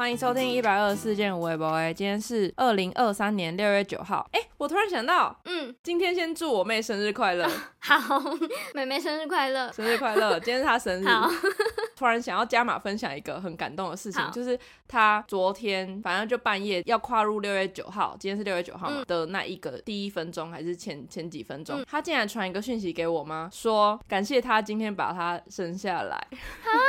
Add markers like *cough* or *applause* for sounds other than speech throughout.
歡迎收聽一百二十四件無欸閒聊，今天是二零二三年六月九號。哎，我突然想到，嗯，今天先祝我妹生日快樂。呃、好，妹妹生日快樂，生日快樂。今天是她生日。好，突然想要加碼分享一個很感動的事情，好就是她昨天，反正就半夜要跨入六月九號，今天是六月九號嘛、嗯、的那一個第一分鐘，還是前前幾分鐘，嗯、她竟然傳一個訊息給我媽，說感謝她今天把她生下來。哈 *laughs*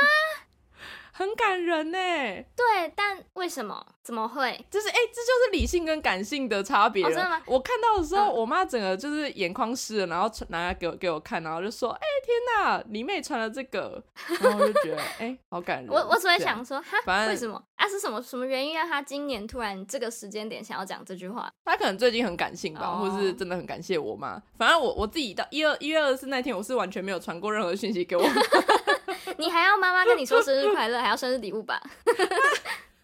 很感人呢、欸，對，但為什麼？怎麼會？就是哎、欸，這就是理性跟感性的差別了、哦、我看到的時候，嗯、我媽整個就是眼眶濕了，然後拿拿給我給我看，然後就說：“哎、欸，天吶，你妹穿了這個。”然後我就覺得哎、 *laughs* 欸，好感人。我我只會想說，對哈反正為什麼啊？是什麼什麼原因啊？她今年突然這個時間點想要講這句話，她可能最近很感性吧，哦、或是真的很感謝我媽。反正我我自己到一月一月二十四那天，我是完全沒有傳過任何訊息給我媽。 *laughs* *laughs* 你還要媽媽跟你說生日快樂， *laughs* 還要生日禮物吧？ *laughs* *laughs*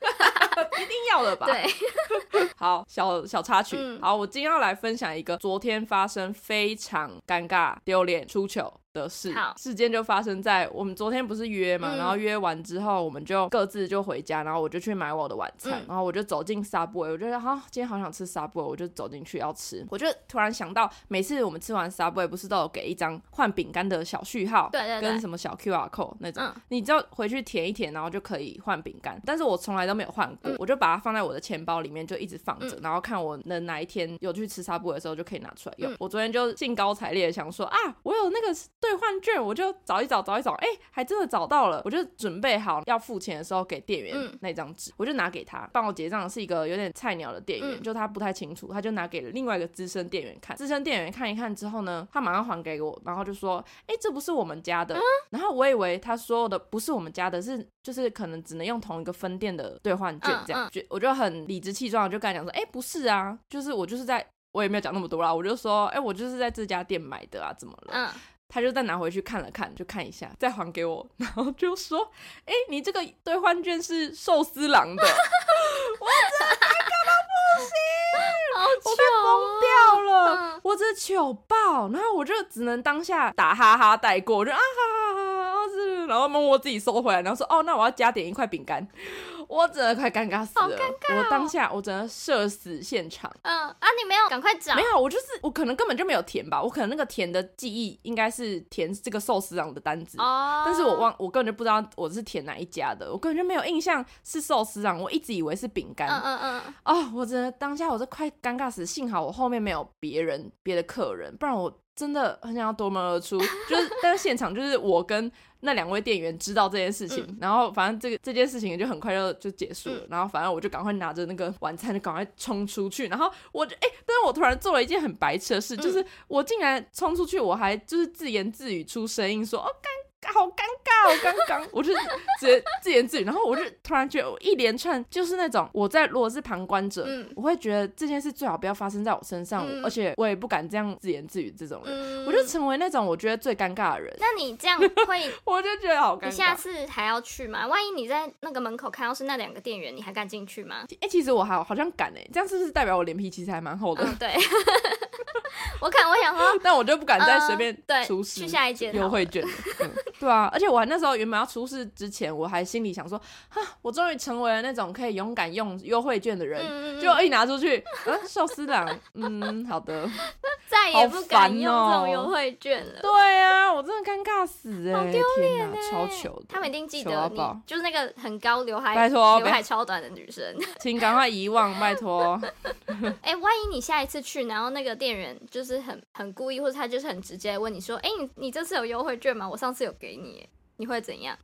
一定要了吧？對， *laughs* 好，小小插曲。嗯、好，我今天要來分享一個昨天發生非常尷尬、丟臉、出糗的事，事件，好就發生在我們昨天不是約嘛，嗯、然後約完之後，我們就各自就回家，然後我就去買我的晚餐，嗯、然後我就走進 s 布 b w a y，我覺得哈，今天好想吃 s 布 b w a y，我就走進去要吃，我就突然想到，每次我們吃完 s 布 b w a y，不是都有給一張換餅乾的小序號，對，對，對，跟什麼小 QR 扣那種，嗯、你只要回去填一填，然後就可以換餅乾，但是我從來都沒有換過，嗯、我就把它放在我的錢包裡面就一直放着，嗯、然後看我能哪一天有去吃 s 布 b w a y，的時候就可以拿出來用。嗯、我昨天就興高采烈的想說啊，我有那個。兌換券我就找一找找一找，欸，還真的找到了。我就準備好要付錢的時候，給店員那張紙，嗯、我就拿給他幫我結賬。是一個有點菜鳥的店員，嗯、就他不太清楚，他就拿給了另外一個資深店員看。資深店員看一看之後呢，他馬上還給我，然後就說：“欸，這不是我們家的。嗯”然後我以為他說的不是我們家的，是就是可能只能用同一個分店的兌換券這樣，就，我就很理直氣壯，就跟他講說：“欸，不是啊，就是我就是在，我也沒有講那麼多啦，我就說：欸，我就是在這家店買的啊，怎麼了？”嗯他就再拿回去看了看，就看一下，再還給我，然後就說：“哎、欸，你這個兌換券是壽司郎的， *laughs* 我這還搞到不行， *laughs* 哦、我被瘋掉了，我這糗爆。”然後我就只能當下打哈哈帶過，我就啊哈哈哈，哈是，然後蒙我自己收回來，然後說：“哦，那我要加點一塊餅乾。”我真的快尷尬死了！好尷尬哦、我當下我真的社死現場。嗯啊，你沒有？趕快找！沒有，我就是，我可能根本就沒有填吧。我可能那個填的記憶應該是填這個壽司郎的單子，哦、但是我忘，我根本就不知道我是填哪一家的，我根本就沒有印象是壽司郎，我一直以為是餅乾。嗯嗯嗯。啊、哦！我真的當下我這快尷尬死，幸好我後面沒有別人、別的客人，不然我。真的很想要奪門而出，就是但是現場就是我跟那兩位店員知道這件事情，嗯、然後反正這個這件事情就很快就就結束，嗯、然後反正我就趕快拿着那個晚餐，就趕快衝出去，然後我哎、欸，但是我突然做了一件很白痴的事，嗯、就是我竟然衝出去，我還就是自言自語出聲音說、OK，我剛。啊、好尷尬，剛剛我就是自言自語，然後我就突然覺得我一連串就是那種我在如果是旁觀者，嗯、我會覺得這件事最好不要發生在我身上，嗯、而且我也不敢這樣自言自語。這種人，嗯、我就成為那種我覺得最尷尬的人。那你這樣會， *laughs* 我就覺得好尷尬。你下次還要去嗎？萬一你在那個門口看到是那兩個店員，你還敢進去嗎？哎、欸，其實我還好像敢哎、欸，這樣是不是代表我臉皮其實還蠻厚的？哦、對， *laughs* 我看我想說， *laughs* 但我就不敢再隨便、呃、出示對去下一間優惠券。對啊，而且我還那時候原本要出事之前，我還心裡想說，哈，我終於成為了那種可以勇敢用優惠券的人，嗯、就一拿出去，嗯，壽司郎， *laughs* 嗯，好的，再也不敢用這種優惠券了。喔、對啊，我真的尷尬死哎、欸，欸、好丟臉吶、天吶，超糗的。他們一定記得你，糕你就是那個很高劉海、劉託海超短的女生， *laughs* 請趕快遺忘，拜託。哎 *laughs* 欸，萬一你下一次去，然後那個店員就是很很故意，或者他就是很直接問你說，哎、欸，你你這次有優惠券嗎？我上次有給。給你，你會怎樣？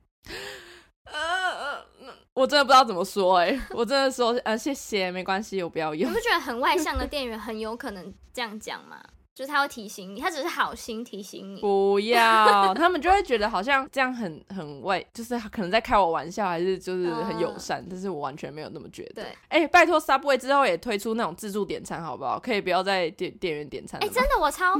我真的不知道怎麼說哎、欸，我真的說，呃，謝謝，沒關係，我不要用。你不覺得很外向的店員很有可能這樣講嗎？就是他會提醒你，他只是好心提醒你，不要。他們就會覺得好像這樣很很外，就是可能在開我玩笑，還是就是很友善，但是我完全沒有那麼覺得。對，哎、欸，拜託，Subway 之後也推出那種自助點餐好不好？可以不要再店店員點餐。哎、欸，真的，我超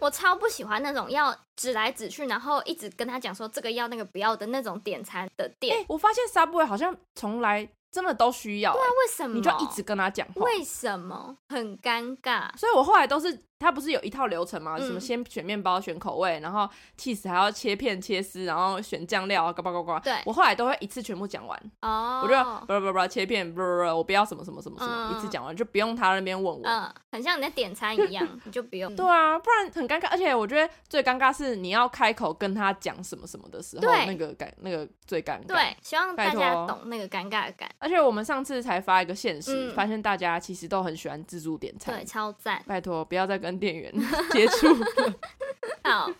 我超不喜歡那種要指來指去， *laughs* 然後一直跟他講說這個要那個不要的那種點餐的店。欸、我發現 Subway 好像從來真的都需要、欸，對啊，為什麼？你就一直跟他講，為什麼很尷尬？所以我後來都是。他不是有一套流程嗎？什麼先選麵包選口味，然後 cheese 還要切片切絲，然後選醬料啊，呱呱呱呱。對我後來都會一次全部講完哦，我覺得不不不，切片，不不，我不要什麼什麼什麼什麼，一次講完就不用他那邊問我。嗯，很像你在點餐一樣，你就不用。對啊，不然很尷尬，而且我覺得最尷尬是你要開口跟他講什麼什麼的時候，那個尷那個最尷尬。對，希望大家懂那個尷尬感。而且我們上次才發一個限時，發現大家其實都很喜歡自助點餐，對，超讚。拜托不要再。跟店員接觸。 *laughs* 好，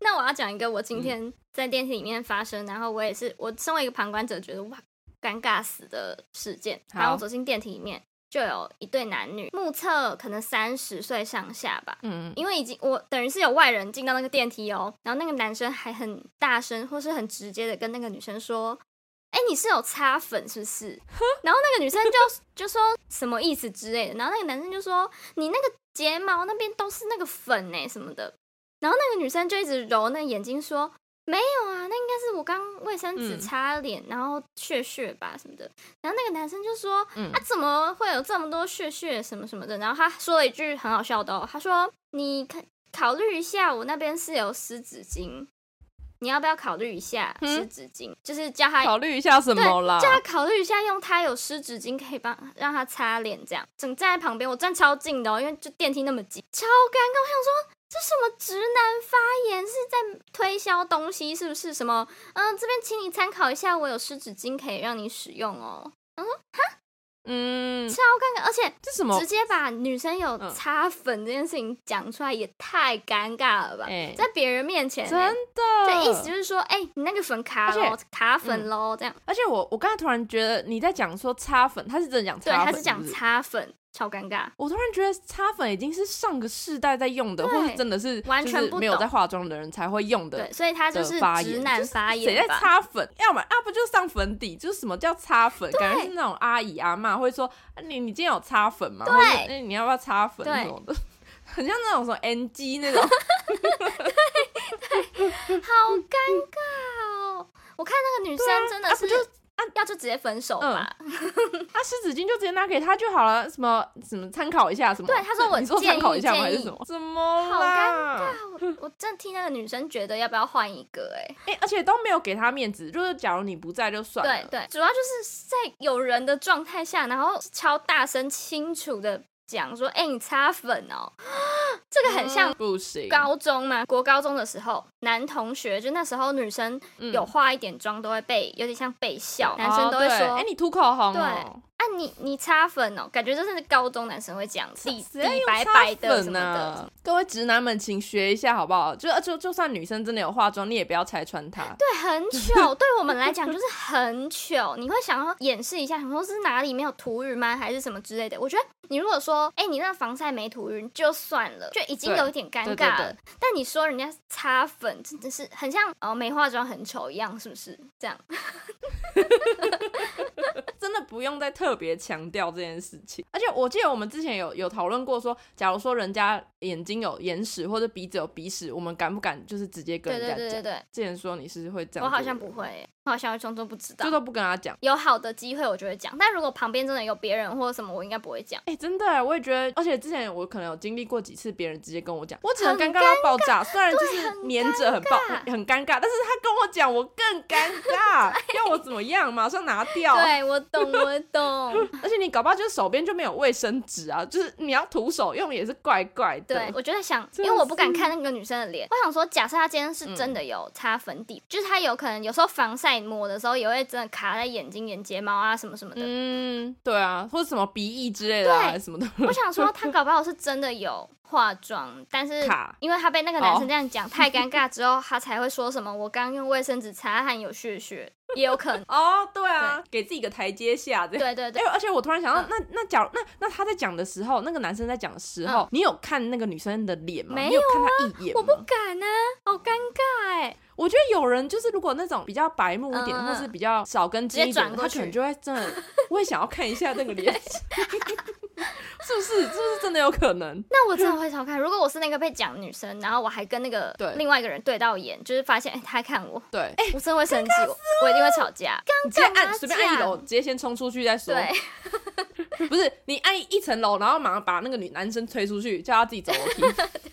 那我要講一個我今天在電梯裡面發生，然後我也是我身為一個旁觀者覺得哇，尷尬死的事件。然後我走進電梯裡面，就有一對男女，目測可能三十歲上下吧。嗯，因為已經我等於是有外人進到那個電梯哦、喔。然後那個男生還很大聲，或是很直接的跟那個女生說。哎、欸，你是有擦粉是不是？ *laughs* 然後那個女生就就說什麼意思之類的，然後那個男生就說，你那個睫毛那邊都是那個粉哎什麼的，然後那個女生就一直揉那眼睛說，沒有啊，那應該是我剛衛生紙擦臉，嗯、然後屑屑吧什麼的。然後那個男生就說，嗯、啊，怎麼會有這麼多屑屑什麼什麼的？然後他說了一句很好笑的、哦，他說你考考慮一下，我那邊是有濕紙巾。你要不要考慮一下濕紙巾？嗯、就是叫他考慮一下什麼啦？叫他考慮一下用他有濕紙巾可以幫讓他擦臉，這樣。整站在旁邊，我站超近的哦，因為就電梯那麼擠，超尷尬。我想說，這是什麼直男發言？是在推銷東西是不是？什麼？嗯、呃，這邊請你參考一下，我有濕紙巾可以讓你使用哦。嗯哼。哼。嗯，超尷尬，而且這什麼直接把女生有擦粉這件事情講出來，也太尷尬了吧？欸、在別人面前、欸，真的，這意思就是說，哎、欸，你那個粉卡且卡粉咯，嗯、這樣。而且我，我剛才突然覺得你在講說擦粉，他是真的講，對，他是講擦粉。超尷尬！我突然覺得擦粉已經是上個世代在用的，或是真的是完全沒有在化妝的人才會用的。對，所以他就是直男發言，誰在擦粉？要麼，要不就上粉底。就是什麼叫擦粉？感覺是那種阿姨阿媽會說：“你你今天有擦粉嗎？”對，那你要不要擦粉？那種的很像那種什麼 NG 那種，對對，好尷尬哦！我看那個女生真的是。要就直接分手吧。嗯，他濕紙巾就直接拿給他就好了。什麼什麼參考一下什麼？對，他說我參考一下嗎？建議還是什麼？怎麼啦？好尷尬。我，我正替那個女生覺得要不要換一個。欸？哎哎、欸，而且都沒有給他面子。就是假如你不在就算了。對對，主要就是在有人的狀態下，然後敲大聲清楚的，講說，哎、欸，你擦粉哦、喔啊，這個很像高中嘛，嗯、國高中的時候，男同學就那時候女生有化一點妝、嗯、都會被有點像被笑，哦、男生都會說，哎、欸，你塗口紅、喔。對。那、啊、你你擦粉哦、喔，感覺就是高中男生會這樣子底，底色白白的的、啊。各位直男們，請學一下好不好？就就就算女生真的有化妝，你也不要拆穿她。對，很糗，對我們來講，就是很糗。 *laughs* 你會想要掩飾一下，想說是哪裡沒有塗勻嗎？還是什麼之類的？我覺得你如果說，哎、欸，你那個防曬沒塗勻就算了，就已經有一點尷尬了。對對對對，但你說人家擦粉，真的是很像哦，沒化妝很醜一樣，是不是這樣？ *laughs* 真的不用再特別強調這件事情，而且我記得我們之前有有討論過，說假如說人家眼睛有眼屎或者鼻子有鼻屎，我們敢不敢就是直接跟人家講？對對對對，之前說你是會這樣，我好像不會。好，小裝作不知道，這都不跟他講。有好的機會，我就會講。但如果旁邊真的有別人或者什麼，我應該不會講。哎、欸，真的，欸，我也覺得。而且之前我可能有經歷過幾次，別人直接跟我講，我只能尷尬到爆炸。雖然就是黏着很爆，很尷尬、尬，但是他跟我講，我更尷尬。 *laughs* 要我怎麼樣？馬上拿掉。對，我懂，我懂。 *laughs* 而且你搞不好就是手邊就沒有衛生紙啊，就是你要徒手用也是怪怪的。對，我覺得想，因為我不敢看那個女生的臉。我想說，假設她今天是真的有擦粉底，嗯、就是她有可能有時候防曬。按摩的時候也會真的卡在眼睛、眼睫毛啊，什麼什麼的。嗯，對啊，或者什麼鼻翼之類的、啊，對什麼的。我想說，他搞不好是真的有化妝， *laughs* 但是因為他被那個男生這樣講太尷尬之後，他才會說什麼：“我剛用衛生紙擦汗，還有血血。”也有可能哦，oh, 對啊，對，給自己個台階下。對對，對對，哎、欸，而且我突然想到，嗯、那那講那那他在講的時候，那個男生在講的時候，嗯、你有看那個女生的臉嗎？沒有、啊、有看他一眼，我不敢呢、啊，好尷尬哎。我覺得有人就是如果那種比較白目一點，嗯啊、或是比較少根筋，他可能就會真的會想要看一下那個臉。 *laughs* 對 *laughs* *laughs* 是不是？是不是真的有可能？那我真的會吵架。如果我是那個被講的女生，然後我還跟那個對另外一個人對到眼，對就是發現哎、欸、他看我，對，哎，我真的會生氣，我一定會吵架。架直接按隨便按一樓，直接先衝出去再說。對 *laughs* 不是你按一層樓，然後馬上把那個女男生推出去，叫他自己走樓梯。 *laughs*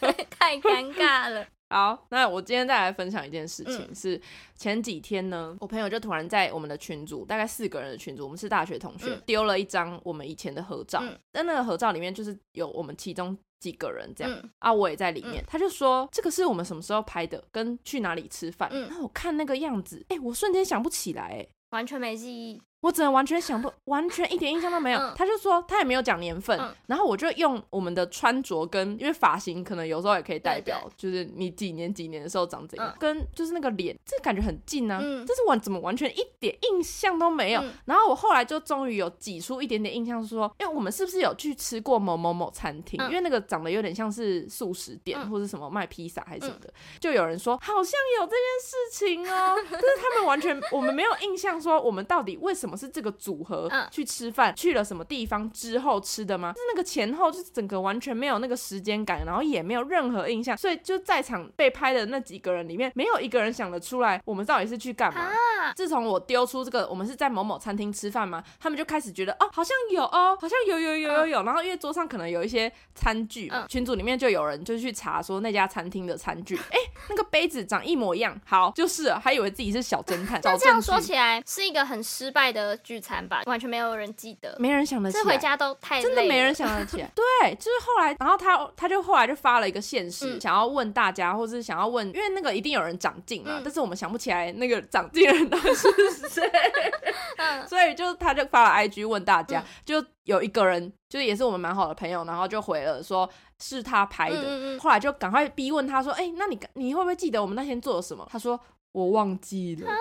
對，太尷尬了。 *laughs* 好，那我今天再來分享一件事情，嗯、是前幾天呢，我朋友就突然在我們的群組，大概四個人的群組，我們是大學同學，丟、嗯、了一張我們以前的合照。在、嗯、那個合照裡面就是有我們其中幾個人這樣，嗯、啊，我也在裡面。嗯、他就說這個是我們什麼時候拍的，跟去哪裡吃飯。嗯、那我看那個樣子，哎、欸，我瞬間想不起來、欸，哎，完全沒記憶。我只能完全想不完全一點印象都沒有，他就說他也沒有講年份，然後我就用我們的穿着跟因為髮型可能有時候也可以代表，就是你幾年幾年的時候長怎樣，跟就是那個臉，這感覺很近啊，但是我怎麼完全一點印象都沒有，然後我後來就終於有擠出一點點印象，說哎，我們是不是有去吃過某某某餐廳，因為那個長得有點像是素食店或者什麼賣披薩還是什麼的，就有人說好像有這件事情哦，但是他們完全我們沒有印象說我們到底為什麼是這個組合去吃飯、嗯、去了什麼地方之後吃的嗎？是那個前後，就是整個完全沒有那個時間感，然後也沒有任何印象，所以就在場被拍的那幾個人裡面，沒有一個人想得出來我們到底是去幹嘛。啊、自從我丟出這個，我們是在某某餐廳吃飯嗎？他們就開始覺得哦，好像有哦，好像有有有有有。嗯、然後因為桌上可能有一些餐具，嗯、群組裡面就有人就去查說那家餐廳的餐具，哎、嗯欸，那個杯子長一模一樣，好，就是了，還以為自己是小偵探。這樣說起來是一個很失敗的的聚餐吧，完全沒有人記得，沒人想得起，回家都太真的沒人想得起來。 *laughs* 對，就是後來，然後他他就後來就發了一個限時，嗯、想要問大家，或者想要問，因為那個一定有人掌鏡了，嗯、但是我們想不起來那個掌鏡人的是誰， *laughs* 嗯、所以就他就發了 IG 問大家，嗯、就有一個人就是也是我們蠻好的朋友，然後就回了說是他拍的，嗯嗯後來就趕快逼問他說：“哎、欸，那你你會不會記得我們那天做了什麼？”他說：“我忘記了。啊”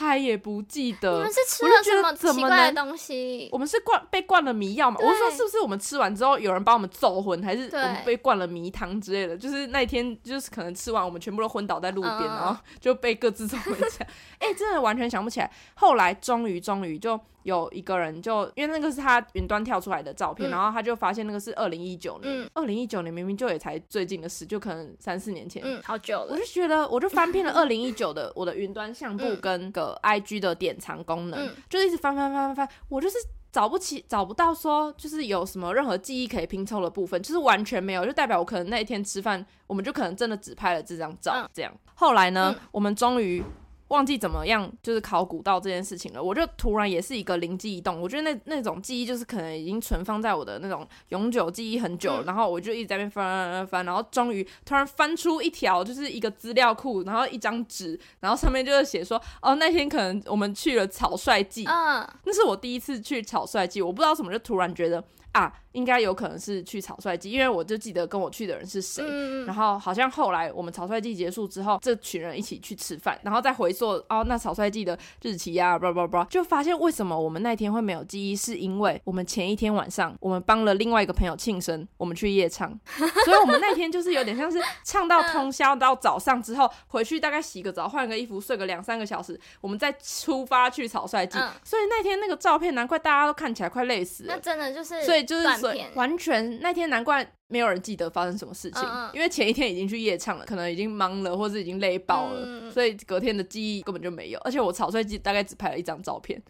他也不記得，我們是吃了什麼奇怪的東西？我,我們是灌被灌了迷藥嗎？對我是說是不是我們吃完之後有人把我們揍昏，還是我們被灌了迷湯之類的？對就是那一天，就是可能吃完我們全部都昏倒在路邊，uh. 然後就被各自走回家。哎、 *laughs* 欸，真的完全想不起來。後來終於終於就。有一個人就，就因為那個是他雲端跳出來的照片，嗯、然後他就發現那個是二零一九年，二零一九年明明就也才最近的事，就可能三四年前，好久了。我就覺得，我就翻遍了二零一九的我的雲端相簿跟個 IG 的典藏功能，嗯嗯、就是一直翻翻翻翻翻，我就是找不起，找不到說就是有什麼任何記憶可以拼湊的部分，就是完全沒有，就代表我可能那一天吃飯，我們就可能真的只拍了這張照，嗯、這樣。後來呢，嗯、我們終於。忘記怎麼樣，就是考古到這件事情了，我就突然也是一個靈機一動，我覺得那那種記憶就是可能已經存放在我的那種永久記憶很久，嗯、然後我就一直在那邊翻翻翻翻，然後終於突然翻出一條就是一個資料庫，然後一張紙，然後上面就是寫說，哦，那天可能我們去了草率季，嗯、那是我第一次去草率季，我不知道什麼就突然覺得啊。應該有可能是去草率季，因為我就記得跟我去的人是誰。嗯、然後好像後來我們草率季結束之後，這群人一起去吃飯，然後再回溯哦，那草率季的日期呀、啊，不不不，就發現為什麼我們那天會沒有記憶，是因為我們前一天晚上我們幫了另外一個朋友慶生，我們去夜唱， *laughs* 所以我們那天就是有點像是唱到通宵、嗯、到早上之後，回去大概洗個澡、換個衣服、睡個兩三個小時，我們再出發去草率季。嗯、所以那天那個照片，難怪大家都看起來快累死了。那真的就是，所以就是。所以完全那天難怪沒有人記得發生什麼事情，嗯嗯，因為前一天已經去夜唱了，可能已經忙了或是已經累爆了，嗯、所以隔天的記憶根本就沒有。而且我草，所以大概只拍了一張照片，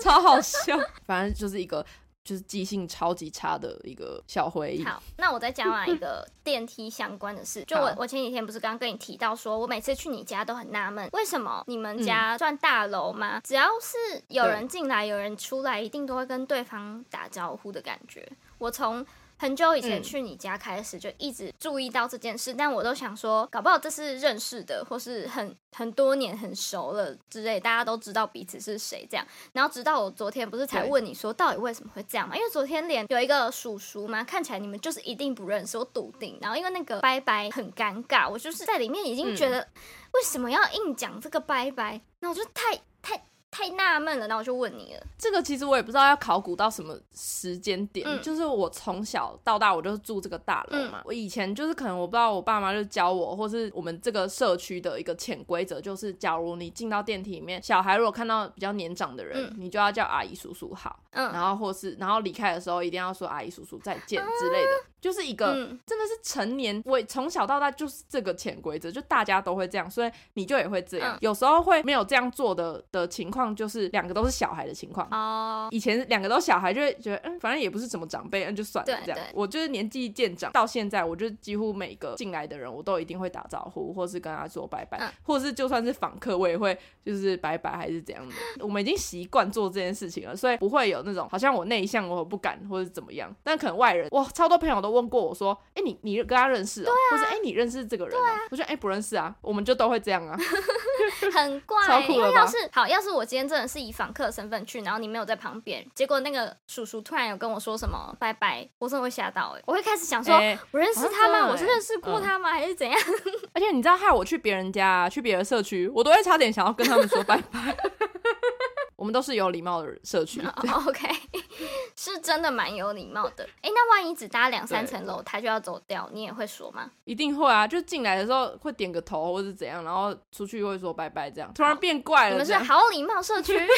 超好笑。 *laughs* 反正就是一個。就是記性超級差的一個小回憶。好，那我再講完一個電梯相關的事。 *laughs* 就我，我前幾天不是剛跟你提到說，說我每次去你家都很納悶，為什麼你們家算大樓嗎？嗯、只要是有人進來，對有人出來，一定都會跟對方打招呼的感覺。我從很久以前去你家開始就一直注意到這件事，嗯、但我都想說，搞不好這是認識的，或是很很多年很熟了之類，大家都知道彼此是誰這樣。然後直到我昨天不是才問你說，到底為什麼會這樣嘛？對因為昨天臉有一個叔叔嘛，看起來你們就是一定不認識，我篤定。然後因為那個拜拜很尷尬，我就是在裡面已經覺得，為什麼要硬講這個拜拜？嗯、那我就太太。太納悶了，那我就問你了。這個其實我也不知道要考古到什麼時間點。嗯、就是我從小到大，我就住這個大樓嘛。嗯、我以前就是可能我不知道，我爸媽就教我，或是我們這個社區的一個潛規則，就是假如你進到電梯裡面，小孩如果看到比較年長的人，嗯、你就要叫阿姨叔叔好。嗯，然後或是然後離開的時候，一定要說阿姨叔叔再見之類的。啊就是一個真的是成年，嗯、我從小到大就是這個潛規則，就大家都會這樣，所以你就也會這樣。嗯、有時候會沒有這樣做的的情況，就是兩個都是小孩的情況。哦，以前兩個都小孩就會覺得，嗯，反正也不是什麼長輩，那、嗯、就算了這樣。我就是年紀漸長到現在，我就幾乎每個進來的人，我都一定會打招呼，或是跟他說拜拜，嗯、或是就算是訪客，我也會就是拜拜還是怎樣的。嗯、我們已經習慣做這件事情了，所以不會有那種好像我內向我不敢或者怎麼樣。但可能外人哇，超多朋友都。問過我說：“哎，你你跟他認識啊？或者哎，你認識這個人嗎？”我說：“哎，不認識啊。”我們就都會這樣啊，很怪。超酷的。因為要是好，要是我今天真的是以訪客身份去，然後你沒有在旁邊，結果那個叔叔突然有跟我說什麼“拜拜”，我真的會嚇到哎，我會開始想說：“我認識他嗎？我是認識過他嗎？還是怎樣？”而且你知道，害我去別人家、去別的社區，我都會差點想要跟他們說拜拜。我們都是有禮貌的社區。OK。是真的蠻有禮貌的，哎、欸，那萬一只搭兩三層樓，他就要走掉，你也會說嗎？一定會啊，就進來的時候會點個頭或是怎樣，然後出去會說拜拜，這樣突然變怪了。哦、你們是好禮貌社區。 *laughs*